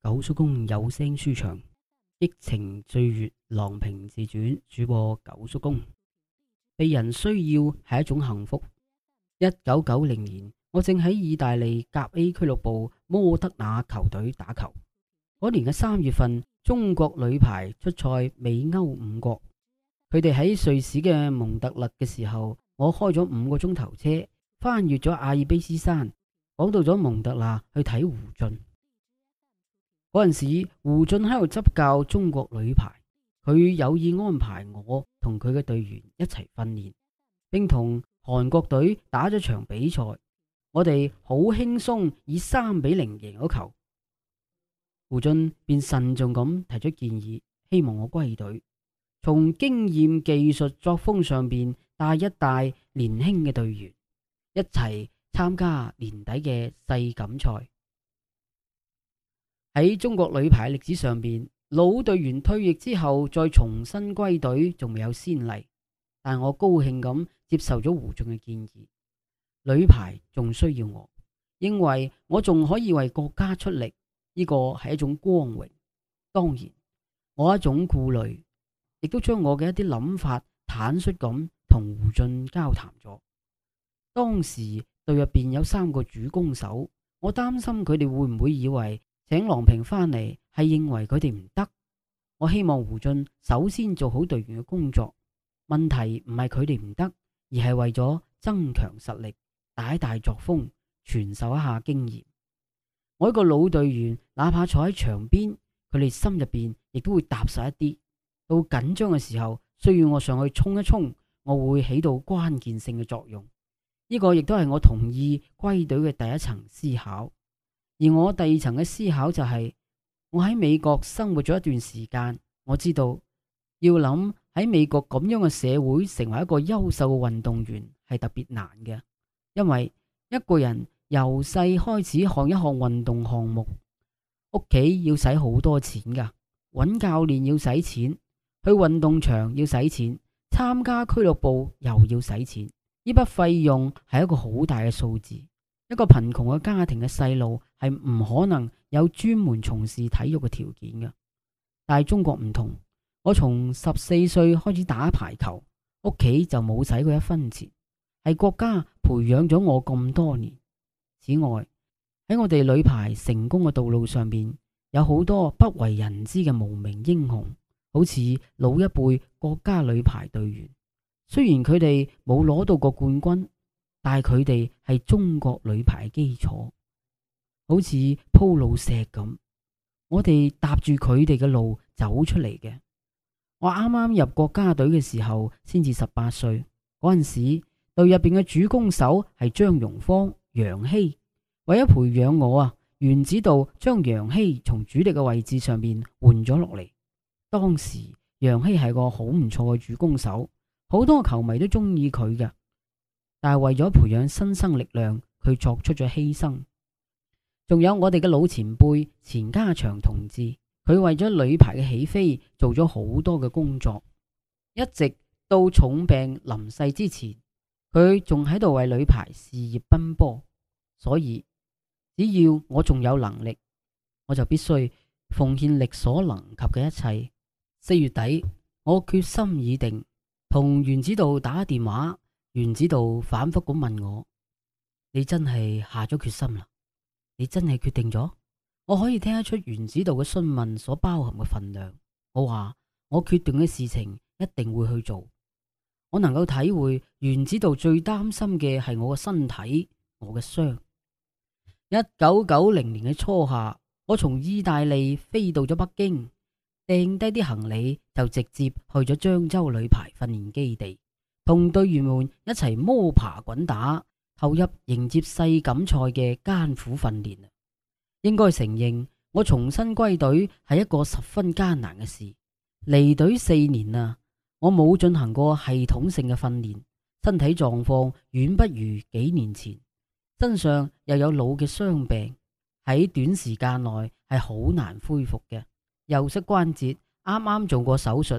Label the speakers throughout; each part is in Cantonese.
Speaker 1: 九叔公有聲書場，激情歲月郎平自傳，主播九叔公。被人需要係一種幸福。一九九零年，我正喺意大利甲 A 俱樂部摩德納球隊打球。嗰年嘅三月份，中國女排出賽美歐五國。佢哋喺瑞士嘅蒙特勒嘅時候，我開咗五個鐘頭車，翻越咗阿爾卑斯山，講到咗蒙特勒去睇湖盡。嗰陣時，胡進喺度執教中國女排，佢有意安排我同佢嘅隊員一齊訓練，並同韓國隊打咗場比賽，我哋好輕鬆以三比零贏咗球。胡進便慎重咁提出建議，希望我歸隊，從經驗、技術、作風上邊帶一帶年輕嘅隊員一齊參加年底嘅世錦賽。喺中國女排嘅歷史上邊，老隊員退役之後再重新歸隊仲未有先例。但我高興咁接受咗胡進嘅建議，女排仲需要我，因為我仲可以為國家出力，呢個係一種光榮。當然，我一種顧慮，亦都將我嘅一啲諗法坦率咁同胡進交談咗。當時隊入邊有三個主攻手，我擔心佢哋會唔會以為。請郎平翻嚟，係認為佢哋唔得，我希望胡進首先做好隊員嘅工作。問題唔係佢哋唔得，而係為咗增強實力，大大作風，傳授一下經驗。我一個老隊員，哪怕坐喺場邊，佢哋心入邊亦都會踏實一啲。到緊張嘅時候，需要我上去衝一衝，我會起到關鍵性嘅作用。呢個亦都係我同意歸隊嘅第一層思考。而我第二層嘅思考就係，我喺美國生活咗一段時間，我知道要諗喺美國咁樣嘅社會成為一個優秀嘅運動員係特別難嘅，因為一個人由細開始學一項運動項目，屋企要使好多錢㗎，揾教練要使錢，去運動場要使錢，參加俱樂部又要使錢，呢筆費用係一個好大嘅數字。一個貧窮嘅家庭嘅細路係唔可能有專門從事體育嘅條件嘅，但係中國唔同。我從十四歲開始打排球，屋企就冇使過一分錢，係國家培養咗我咁多年。此外，喺我哋女排成功嘅道路上邊，有好多不為人知嘅無名英雄，好似老一輩國家女排隊員，雖然佢哋冇攞到過冠軍。但佢哋係中國女排基礎，好似鋪路石咁。我哋搭住佢哋嘅路走出嚟嘅。我啱啱入國家隊嘅時候，先至十八歲嗰陣時，隊入邊嘅主攻手係張蓉芳、楊希。為咗培養我啊，袁指導將楊希從主力嘅位置上面換咗落嚟。當時楊希係個好唔錯嘅主攻手，好多球迷都中意佢嘅。但係為咗培養新生力量，佢作出咗犧牲。仲有我哋嘅老前輩錢家祥同志，佢為咗女排嘅起飛做咗好多嘅工作，一直到重病臨世之前，佢仲喺度為女排事業奔波。所以，只要我仲有能力，我就必須奉獻力所能及嘅一切。四月底，我決心已定，同袁指導打電話。原子道反复咁問我：你真係下咗決心啦？你真係決定咗？我可以聽得出原子道嘅詢問所包含嘅分量。我話我決定嘅事情一定會去做。我能夠體會原子道最擔心嘅係我嘅身體，我嘅傷。一九九零年嘅初夏，我從意大利飛到咗北京，掟低啲行李就直接去咗漳州女排訓練基地。同隊員們一齊摸爬滾打，投入迎接世錦賽嘅艱苦訓練啊！應該承認，我重新歸隊係一個十分艱難嘅事。離隊四年啦，我冇進行過系統性嘅訓練，身體狀況遠不如幾年前。身上又有老嘅傷病，喺短時間內係好難恢復嘅。右膝關節啱啱做過手術。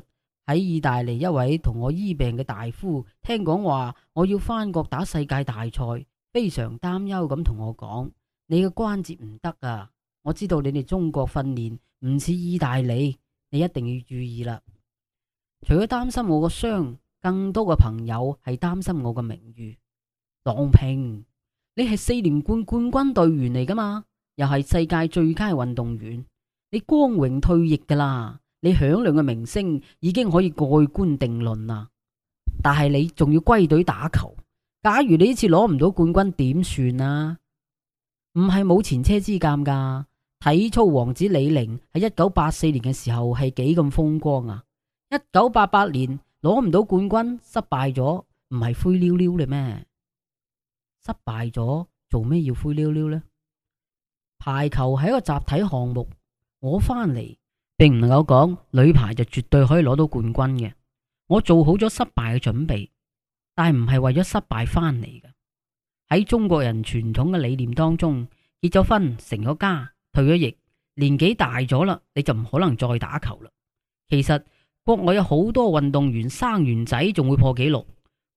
Speaker 1: 喺意大利一位同我醫病嘅大夫聽講話我要翻國打世界大賽，非常擔憂咁同我講：你嘅關節唔得啊！我知道你哋中國訓練唔似意大利，你一定要注意啦。除咗擔心我個傷，更多嘅朋友係擔心我嘅名譽。郎平，你係四連冠冠軍隊員嚟噶嘛？又係世界最佳運動員，你光榮退役噶啦。你響亮嘅明星已經可以蓋棺定論啦，但係你仲要歸隊打球。假如你呢次攞唔到冠軍，點算啊？唔係冇前車之鑑噶，體操王子李寧喺一九八四年嘅時候係幾咁風光啊？一九八八年攞唔到冠軍失敗咗，唔係灰溜溜咧咩？失敗咗做咩要灰溜溜呢？排球係一個集體項目，我翻嚟。並唔能夠講女排就絕對可以攞到冠軍嘅。我做好咗失敗嘅準備，但係唔係為咗失敗翻嚟嘅。喺中國人傳統嘅理念當中，結咗婚、成咗家、退咗役，年紀大咗啦，你就唔可能再打球啦。其實國外有好多運動員生完仔仲會破紀錄。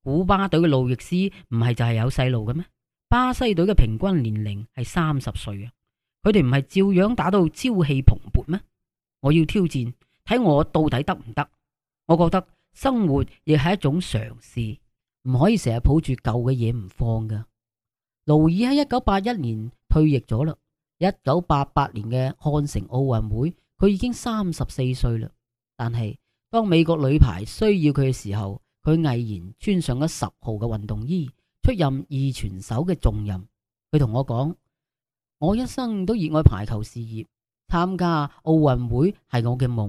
Speaker 1: 古巴隊嘅路易斯唔係就係有細路嘅咩？巴西隊嘅平均年齡係三十歲啊，佢哋唔係照樣打到朝氣蓬勃咩？我要挑戰，睇我到底得唔得？我覺得生活亦係一種嘗試，唔可以成日抱住舊嘅嘢唔放㗎。勞爾喺一九八一年退役咗啦，一九八八年嘅漢城奧運會，佢已經三十四歲啦。但係當美國女排需要佢嘅時候，佢毅然穿上咗十號嘅運動衣，出任二傳手嘅重任。佢同我講：我一生都熱愛排球事業。參加奧運會係我嘅夢。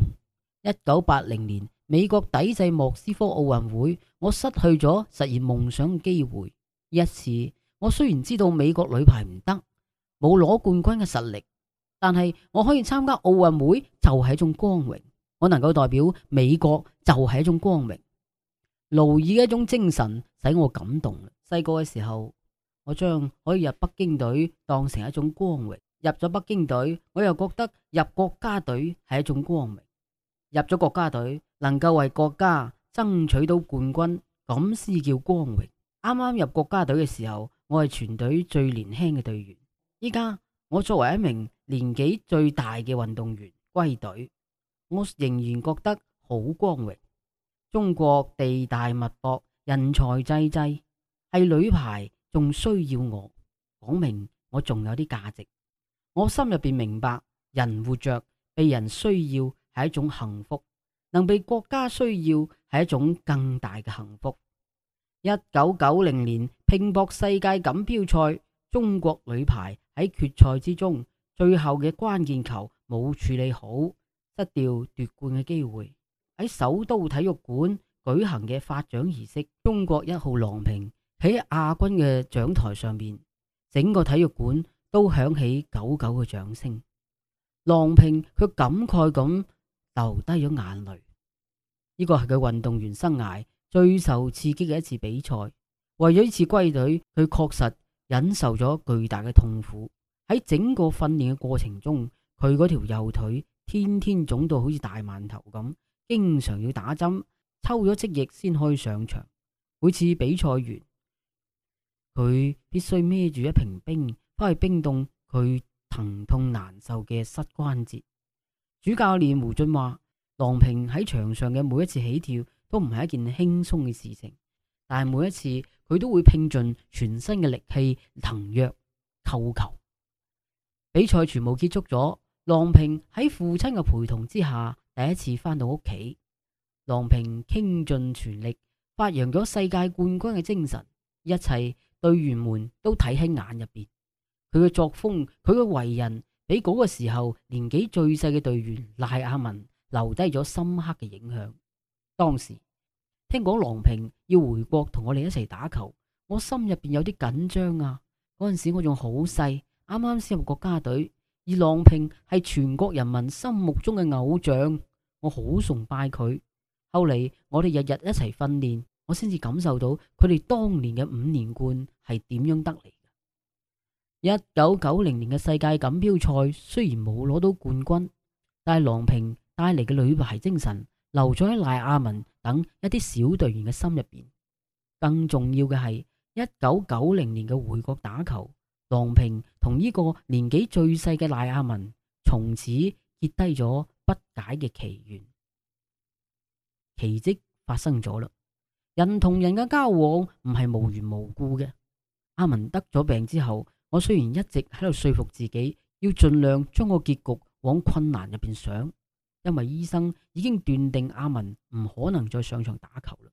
Speaker 1: 一九八零年，美國抵制莫斯科奧運會，我失去咗實現夢想嘅機會。一次，我雖然知道美國女排唔得，冇攞冠軍嘅實力，但係我可以參加奧運會就係一種光榮。我能夠代表美國就係一種光榮。勞爾嘅一種精神使我感動。細個嘅時候，我將可以入北京隊當成一種光榮。入咗北京隊，我又覺得入國家隊係一種光榮。入咗國家隊，能夠為國家爭取到冠軍，咁先叫光榮。啱啱入國家隊嘅時候，我係全隊最年輕嘅隊員。依家我作為一名年紀最大嘅運動員歸隊，我仍然覺得好光榮。中國地大物博，人才濟濟，係女排仲需要我，講明我仲有啲價值。我心入邊明白，人活着被人需要係一種幸福，能被國家需要係一種更大嘅幸福。一九九零年拼搏世界錦標賽，中國女排喺決賽之中，最後嘅關鍵球冇處理好，失掉奪冠嘅機會。喺首都體育館舉行嘅發獎儀式，中國一號郎平喺亞軍嘅獎台上面，整個體育館都響起久久嘅掌聲，郎平卻感慨咁流低咗眼淚。呢個係佢運動員生涯最受刺激嘅一次比賽。為咗呢次歸隊，佢確實忍受咗巨大嘅痛苦。喺整個訓練嘅過程中，佢嗰條右腿天天腫到好似大饅頭咁，經常要打針，抽咗積液先可以上場。每次比賽完，佢必須孭住一瓶冰。都係冰凍佢疼痛難受嘅膝關節。主教練胡俊話：郎平喺場上嘅每一次起跳都唔係一件輕鬆嘅事情，但係每一次佢都會拼盡全身嘅力氣騰躍扣球。比賽全部結束咗，郎平喺父親嘅陪同之下第一次翻到屋企。郎平傾盡全力發揚咗世界冠軍嘅精神，一切隊員們都睇喺眼入邊。佢嘅作風，佢嘅為人，俾嗰個時候年紀最細嘅隊員賴亞文留低咗深刻嘅影響。當時聽講郎平要回國同我哋一齊打球，我心入邊有啲緊張啊！嗰陣時我仲好細，啱啱先入國家隊，而郎平係全國人民心目中嘅偶像，我好崇拜佢。後嚟我哋日日一齊訓練，我先至感受到佢哋當年嘅五連冠係點樣得嚟。一九九零年嘅世界錦標賽雖然冇攞到冠軍，但係郎平帶嚟嘅女排精神留咗喺賴亞文等一啲小隊員嘅心入邊。更重要嘅係，一九九零年嘅回國打球，郎平同呢個年紀最細嘅賴亞文從此結低咗不解嘅奇緣。奇蹟發生咗啦！人同人嘅交往唔係無緣無故嘅。亞文得咗病之後。我雖然一直喺度說服自己要盡量將個結局往困難入邊想，因為醫生已經斷定阿文唔可能再上場打球啦。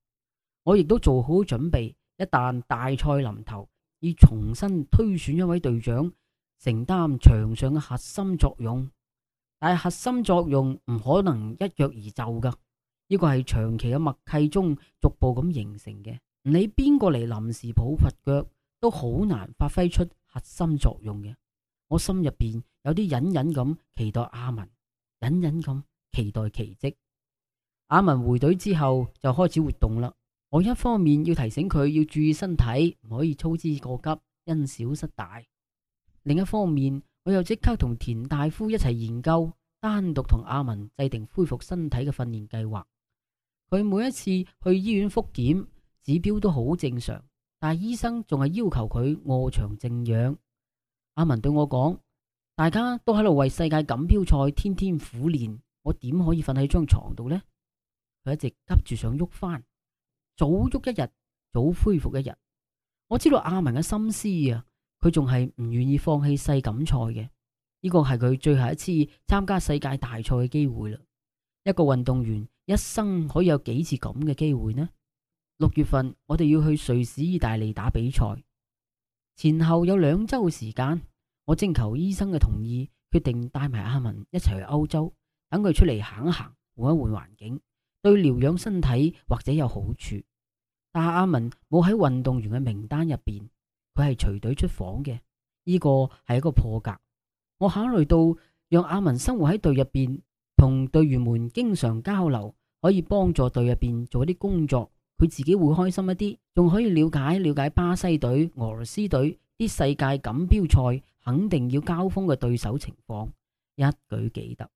Speaker 1: 我亦都做好準備，一旦大賽臨頭，要重新推選一位隊長承擔場上嘅核心作用。但係核心作用唔可能一躍而就噶，呢、這個係長期嘅默契中逐步咁形成嘅。唔理邊個嚟臨時抱佛腳，都好難發揮出。核心作用嘅。我心入邊有啲隱隱咁期待阿文，隱隱咁期待奇跡。阿文回隊之後就開始活動啦。我一方面要提醒佢要注意身體，唔可以操之過急，因小失大。另一方面，我又即刻同田大夫一齊研究，單獨同阿文制定恢復身體嘅訓練計劃。佢每一次去醫院複檢，指標都好正常。但係醫生仲係要求佢臥床靜養。阿文對我講，大家都喺度為世界錦標賽天天苦練，我點可以瞓喺張床度呢？佢一直急住想喐返，早喐一日，早恢復一日。我知道阿文嘅心思啊，佢仲係唔願意放棄世錦賽嘅。呢個係佢最後一次參加世界大賽嘅機會啦。一個運動員一生可以有幾次咁嘅機會呢？六月份我哋要去瑞士、意大利打比賽，前後有兩周時間。我徵求醫生嘅同意，決定帶埋阿文一齊去歐洲走走，等佢出嚟行一行，換一換環境，對療養身體或者有好處。但係阿文冇喺運動員嘅名單入邊，佢係隨隊出訪嘅，呢個係一個破格。我考慮到讓阿文生活喺隊入邊，同隊員們經常交流，可以幫助隊入邊做啲工作。佢自己會開心一啲，仲可以了解了解巴西隊、俄羅斯隊啲世界錦標賽肯定要交鋒嘅對手情況，一舉幾得。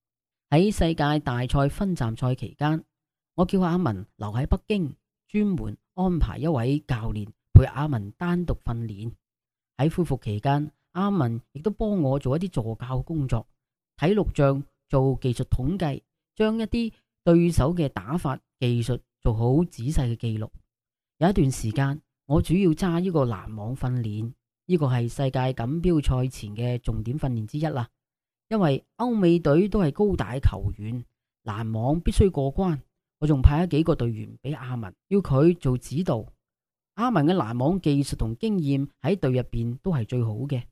Speaker 1: 喺世界大賽分站賽期間，我叫阿文留喺北京，專門安排一位教練陪阿文單獨訓練。喺恢復期間，阿文亦都幫我做一啲助教工作，睇錄像、做技術統計，將一啲對手嘅打法、技術。做好仔細嘅記錄。有一段時間，我主要揸呢個攔網訓練，呢個係世界錦標賽前嘅重點訓練之一啦。因為歐美隊都係高大球員，攔網必須過關。我仲派咗幾個隊員俾阿文，要佢做指導。阿文嘅攔網技術同經驗喺隊入邊都係最好嘅。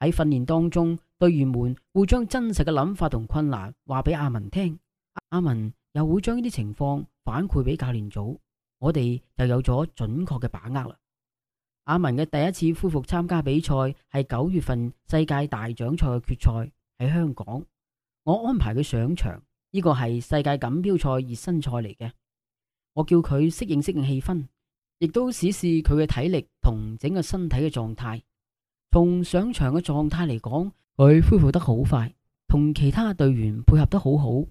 Speaker 1: 喺訓練當中，隊員們會將真實嘅諗法同困難話俾阿文聽，阿文又會將呢啲情況。反饋俾教練組，我哋就有咗準確嘅把握啦。阿文嘅第一次恢復參加比賽係九月份世界大獎賽嘅決賽喺香港，我安排佢上場，呢個係世界錦標賽熱身賽嚟嘅。我叫佢適應適應氣氛，亦都試試佢嘅體力同整個身體嘅狀態。從上場嘅狀態嚟講，佢恢復得好快，同其他隊員配合得好好。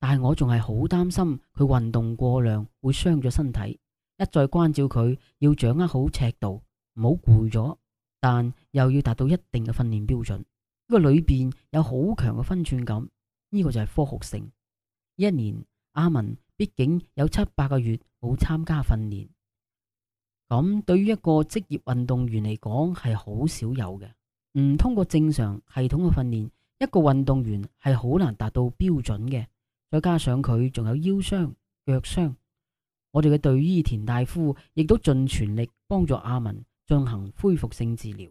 Speaker 1: 但係我仲係好擔心佢運動過量會傷咗身體，一再關照佢要掌握好尺度，唔好攰咗，但又要達到一定嘅訓練標準。呢個裏邊有好強嘅分寸感，呢個就係科學性。一年阿文畢竟有七八個月冇參加訓練，咁對於一個職業運動員嚟講係好少有嘅。唔通過正常系統嘅訓練，一個運動員係好難達到標準嘅。再加上佢仲有腰傷、腳傷，我哋嘅隊醫田大夫亦都盡全力幫助阿文進行恢復性治療。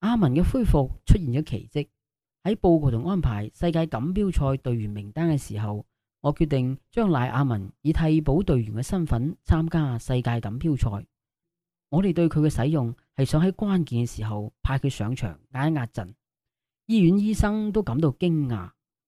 Speaker 1: 阿文嘅恢復出現咗奇蹟。喺報告同安排世界錦標賽隊員名單嘅時候，我決定將賴阿文以替補隊員嘅身份參加世界錦標賽。我哋對佢嘅使用係想喺關鍵嘅時候派佢上場壓一壓陣。醫院醫生都感到驚訝。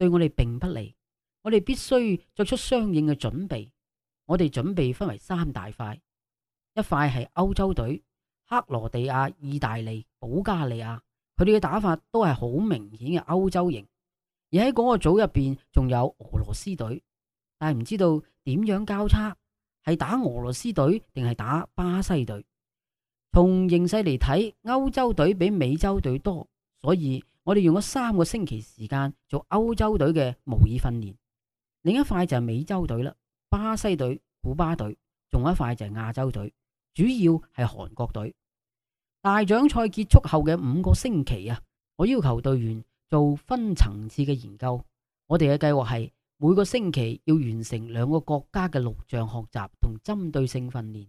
Speaker 1: 對我哋並不利，我哋必須作出相應嘅準備。我哋準備分為三大塊，一塊係歐洲隊，克羅地亞、意大利、保加利亞，佢哋嘅打法都係好明顯嘅歐洲型。而喺嗰個組入邊，仲有俄羅斯隊，但係唔知道點樣交叉，係打俄羅斯隊定係打巴西隊？從形勢嚟睇，歐洲隊比美洲隊多。所以我哋用咗三個星期時間做歐洲隊嘅模擬訓練，另一塊就係美洲隊啦，巴西隊、古巴隊，仲有一塊就係亞洲隊，主要係韓國隊。大獎賽結束後嘅五個星期啊，我要求隊員做分層次嘅研究。我哋嘅計劃係每個星期要完成兩個國家嘅錄像學習同針對性訓練。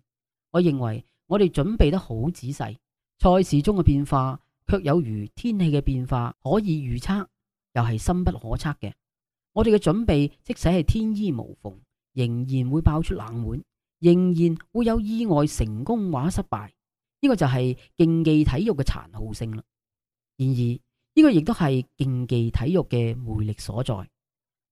Speaker 1: 我認為我哋準備得好仔細，賽事中嘅變化。卻有如天氣嘅變化可以預測，又係深不可測嘅。我哋嘅準備，即使係天衣無縫，仍然會爆出冷門，仍然會有意外成功或失敗。呢個就係競技體育嘅殘酷性啦。然而呢個亦都係競技體育嘅魅力所在。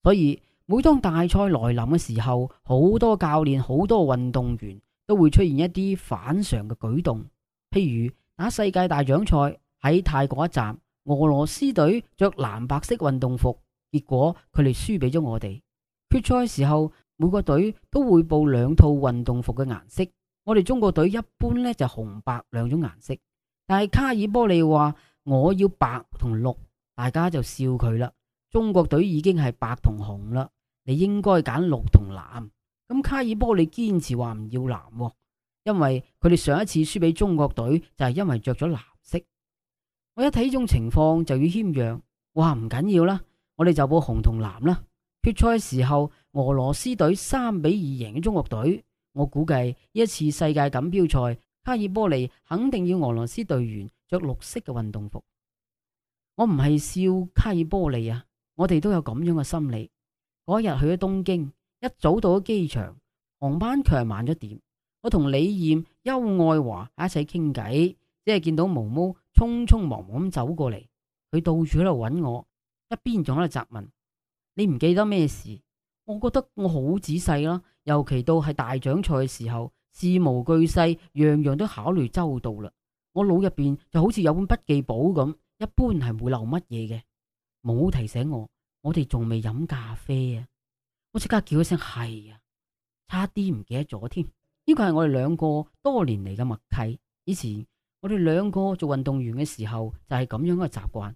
Speaker 1: 所以每當大賽來臨嘅時候，好多教練、好多運動員都會出現一啲反常嘅舉動，譬如打世界大獎賽。喺泰國一站，俄羅斯隊着藍白色運動服，結果佢哋輸俾咗我哋。決賽時候，每個隊都會報兩套運動服嘅顏色。我哋中國隊一般咧就是紅白兩種顏色，但係卡爾波利話我要白同綠，大家就笑佢啦。中國隊已經係白同紅啦，你應該揀綠同藍。咁卡爾波利堅持話唔要藍喎，因為佢哋上一次輸俾中國隊就係、是、因為着咗藍色。我一睇呢種情況就要謙讓，我話唔緊要啦，我哋就報紅同藍啦。決賽嘅時候，俄羅斯隊三比二贏咗中國隊，我估計一次世界錦標賽，卡爾波利肯定要俄羅斯隊員着綠色嘅運動服。我唔係笑卡爾波利啊，我哋都有咁樣嘅心理。嗰日去咗東京，一早到咗機場，航班卻係慢咗點，我同李艷、邱愛華一齊傾偈。即係見到毛毛匆匆忙忙咁走過嚟，佢到處喺度揾我，一邊仲喺度責問你唔記得咩事？我覺得我好仔細啦，尤其到係大獎賽嘅時候，事無巨細，樣樣都考慮周到啦。我腦入邊就好似有本筆記簿咁，一般係唔會漏乜嘢嘅。毛毛提醒我，我哋仲未飲咖啡啊！我即刻叫一聲係啊，差啲唔記得咗添。呢個係我哋兩個多年嚟嘅默契，以前。我哋兩個做運動員嘅時候就係咁樣嘅習慣，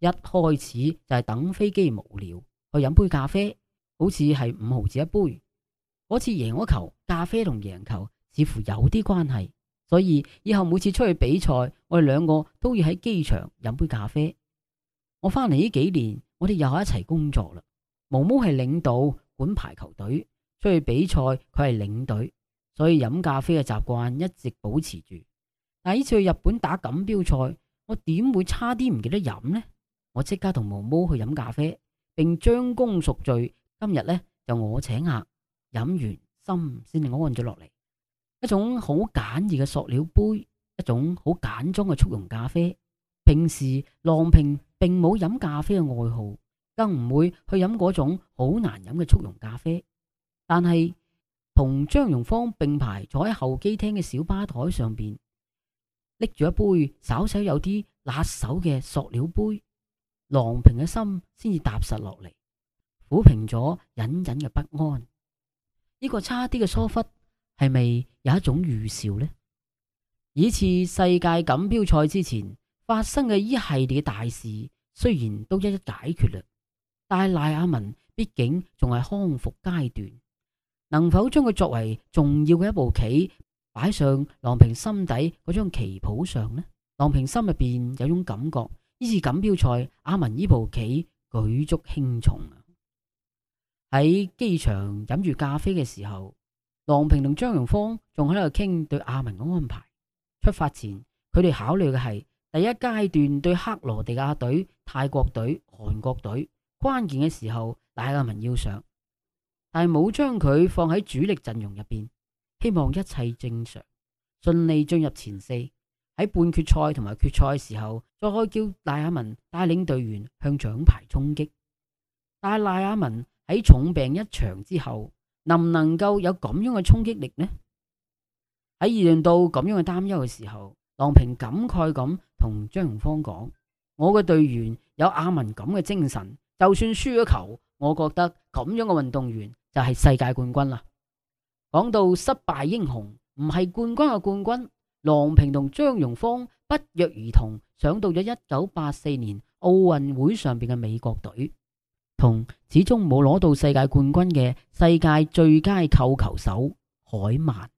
Speaker 1: 一開始就係等飛機無聊去飲杯咖啡，好似係五毫紙一杯。嗰次贏咗球，咖啡同贏球似乎有啲關係，所以以後每次出去比賽，我哋兩個都要喺機場飲杯咖啡。我翻嚟呢幾年，我哋又係一齊工作啦。毛毛係領導管排球隊，出去比賽佢係領隊，所以飲咖啡嘅習慣一直保持住。第一次去日本打錦標賽，我點會差啲唔記得飲呢？我即刻同毛毛去飲咖啡，並將功贖罪。今日呢就我請客，飲完心先至安咗落嚟。一種好簡易嘅塑料杯，一種好簡裝嘅速溶咖啡。平時郎平並冇飲咖啡嘅愛好，更唔會去飲嗰種好難飲嘅速溶咖啡。但係同張蓉芳並排坐喺候機廳嘅小吧台上面。拎住一杯稍稍有啲辣手嘅塑料杯，郎平嘅心先至踏實落嚟，撫平咗隱隱嘅不安。呢、這個差啲嘅疏忽係咪有一種預兆呢？以次世界錦標賽之前發生嘅依系列嘅大事，雖然都一一解決嘞，但係賴亞文畢竟仲係康復階段，能否將佢作為重要嘅一步棋？擺上郎平心底嗰張旗袍上呢，郎平心入邊有種感覺，呢次錦標賽阿文呢部棋舉足輕重啊！喺機場飲住咖啡嘅時候，郎平同張蓉芳仲喺度傾對阿文嘅安排。出發前，佢哋考慮嘅係第一階段對克羅地亞隊、泰國隊、韓國隊，關鍵嘅時候帶阿文要上，但係冇將佢放喺主力陣容入邊。希望一切正常，順利進入前四。喺半決賽同埋決賽嘅時候，再可以叫賴亞文帶領隊員向獎牌衝擊。但係賴亞文喺重病一場之後，能唔能夠有咁樣嘅衝擊力呢？喺議論到咁樣嘅擔憂嘅時候，郎平感慨咁同張蓉芳講，我嘅隊員有亞文咁嘅精神，就算輸咗球，我覺得咁樣嘅運動員就係世界冠軍啦。講到失敗英雄，唔係冠軍嘅冠軍，郎平同張蓉芳不約而同想到咗一九八四年奧運會上邊嘅美國隊，同始終冇攞到世界冠軍嘅世界最佳扣球手海曼。